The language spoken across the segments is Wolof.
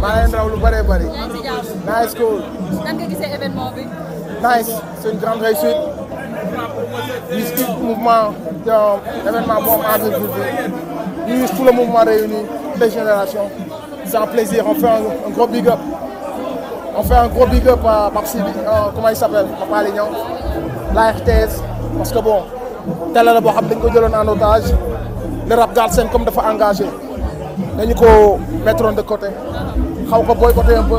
maa leen lu nice cool. nice C'est une grande réussite. jusqu' au mouvement événement bon, à envie tout le mouvement réuni les générations. C'est un plaisir on fait un, gros big up. on fait un gros big up à Babsi euh, comment il s'appelle À Papa Alioune la RTS parce que bon télé la le xam dañ ko jëloon en otage le rap Galsen comme dafa engager dañu ko mettre de côté xaw ko boycotté un peu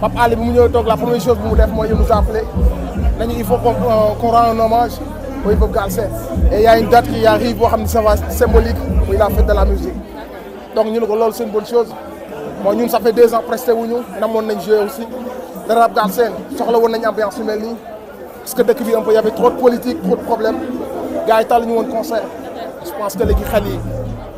Papa Ali bi ñëw la première chose bu mu def mooy nous appeler. il faut qu'on euh, rende un hommage au hip-hop galsen et il y a une date qui arrive boo xam ça va symbolique muy la fête de la musique donc ñu ko c'est une bonne chose Moi, ñun ça fait deux ans presté wuñu namoon nañ joué aussi le rap galsen soxla woon nañ ambiance yu parce que dëkk bi un peu y avait trop de politique trop de problèmes gars yi tàlluñu un concert je pense que les xel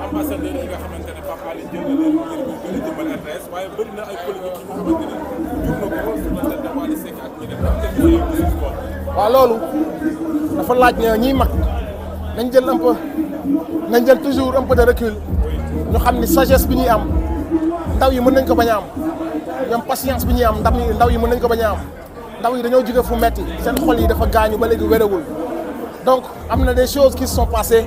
ambassadeur yi nga xamantene papa li Alé jël na leen ngir ñu gën a jëmbal RTS waaye bëri na ay politique yi nga xamante ne jur na ko su ma la Wally Seck ak ñeneen waaw loolu dafa laaj ne ñiy mag nañ jël un peu nañ jël toujours un peu de recul ñu xam ni sagesse bi ñuy am ndaw yi mën nañ ko bañ a am ñoom patience bi ñuy am ndam ndaw yi mën nañ ko bañ a am ndaw yi dañoo jóge fu metti seen xol yi dafa gaañu ba léegi wérewul donc am na des choses qui sont passées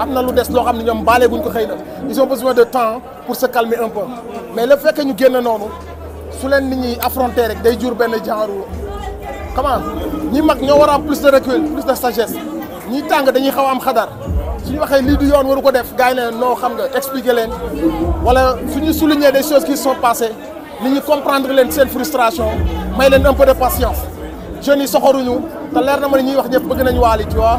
am na lu des loo xam ne ñoom baale buñ ko xëy ils ont besoin de temps pour se calmer un peu mais le fait que ñu génn noonu su leen nit ñi affronter rek day jur benn genre comment ñi mag ñoo war plus de recul plus de sagesse ñi tàng dañuy xaw am xadar suñu waxee lii du yoon waru ko def gars yi ne noo xam nga expliquer leen wala suñu souligner des choses qui sont passées nit ñi comprendre leen seen frustration may leen un peu de patience jeunes yi soxoruñu te leer na ma ne ñuy wax ñëpp bëgg nañu waali tu vois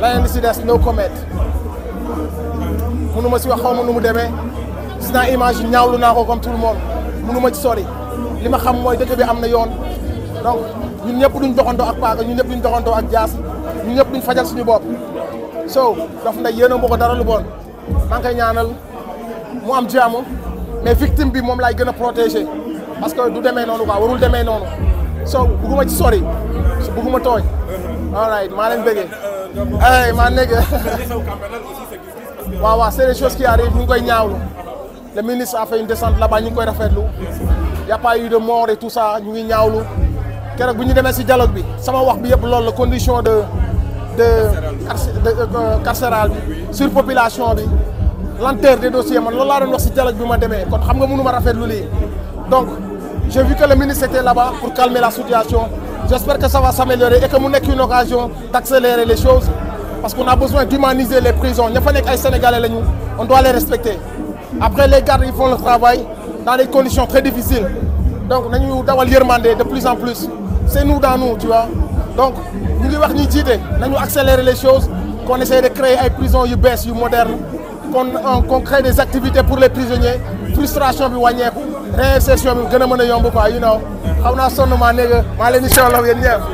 leneen li si des no comment mënu ma si wax xaw ma nu mu demee gis na image yi ñaawlu naa ko comme tout le monde mënu ma ci sori li ma xam mooy dëkk bi am na yoon donc ñu ñëpp duñ doxantoo ak paaka ñu ñëpp duñ doxantoo ak jaas ñu ñëpp duñ fajal suñu bopp so daf nday yéen a ma dara lu bon maa ngi koy ñaanal mu am jàmm mais victime bi moom laay gën a protéger parce que du demee noonu quoi warul demee noonu so bugguma ci sori bugguma tooñ all maa leen bëggee Hey, ma nigga. waaw c'est des choses qui arrivent nous ngi koy ñaawlu. le ministre a fait une descente là-bas ñu ngi koy Il n'y a pas eu de mort et tout ça Nous ngi ñaawlu. keroog bu ñu demee ce dialogue bi sama wax bi yëpp loolu la condition de de euh, carcérale bi surpopulation l'enterre des dossiers man que laa doon wax ce dialogue bi ma demee kon xam nga mënu ma rafetlu donc j'ai vu que le ministre était là-bas pour calmer la situation J'espère que ça va s'améliorer et que nous n'avons qu'une occasion d'accélérer les choses parce qu'on a besoin d'humaniser les prisons. Il que les Sénégalais, on doit les respecter. Après, les gardes, ils font le travail dans des conditions très difficiles. Donc, nous devons les demander de plus en plus. C'est nous dans nous, tu vois. Donc, nous devons nous accélérer les choses, qu'on essaie de créer des prisons UBS, modernes, euh, qu'on crée des activités pour les prisonniers, frustration, réinsertion bi gën a mën a yomb quoi you know xam naa sonn maa nekk maa leen di soxla yéen ñëpp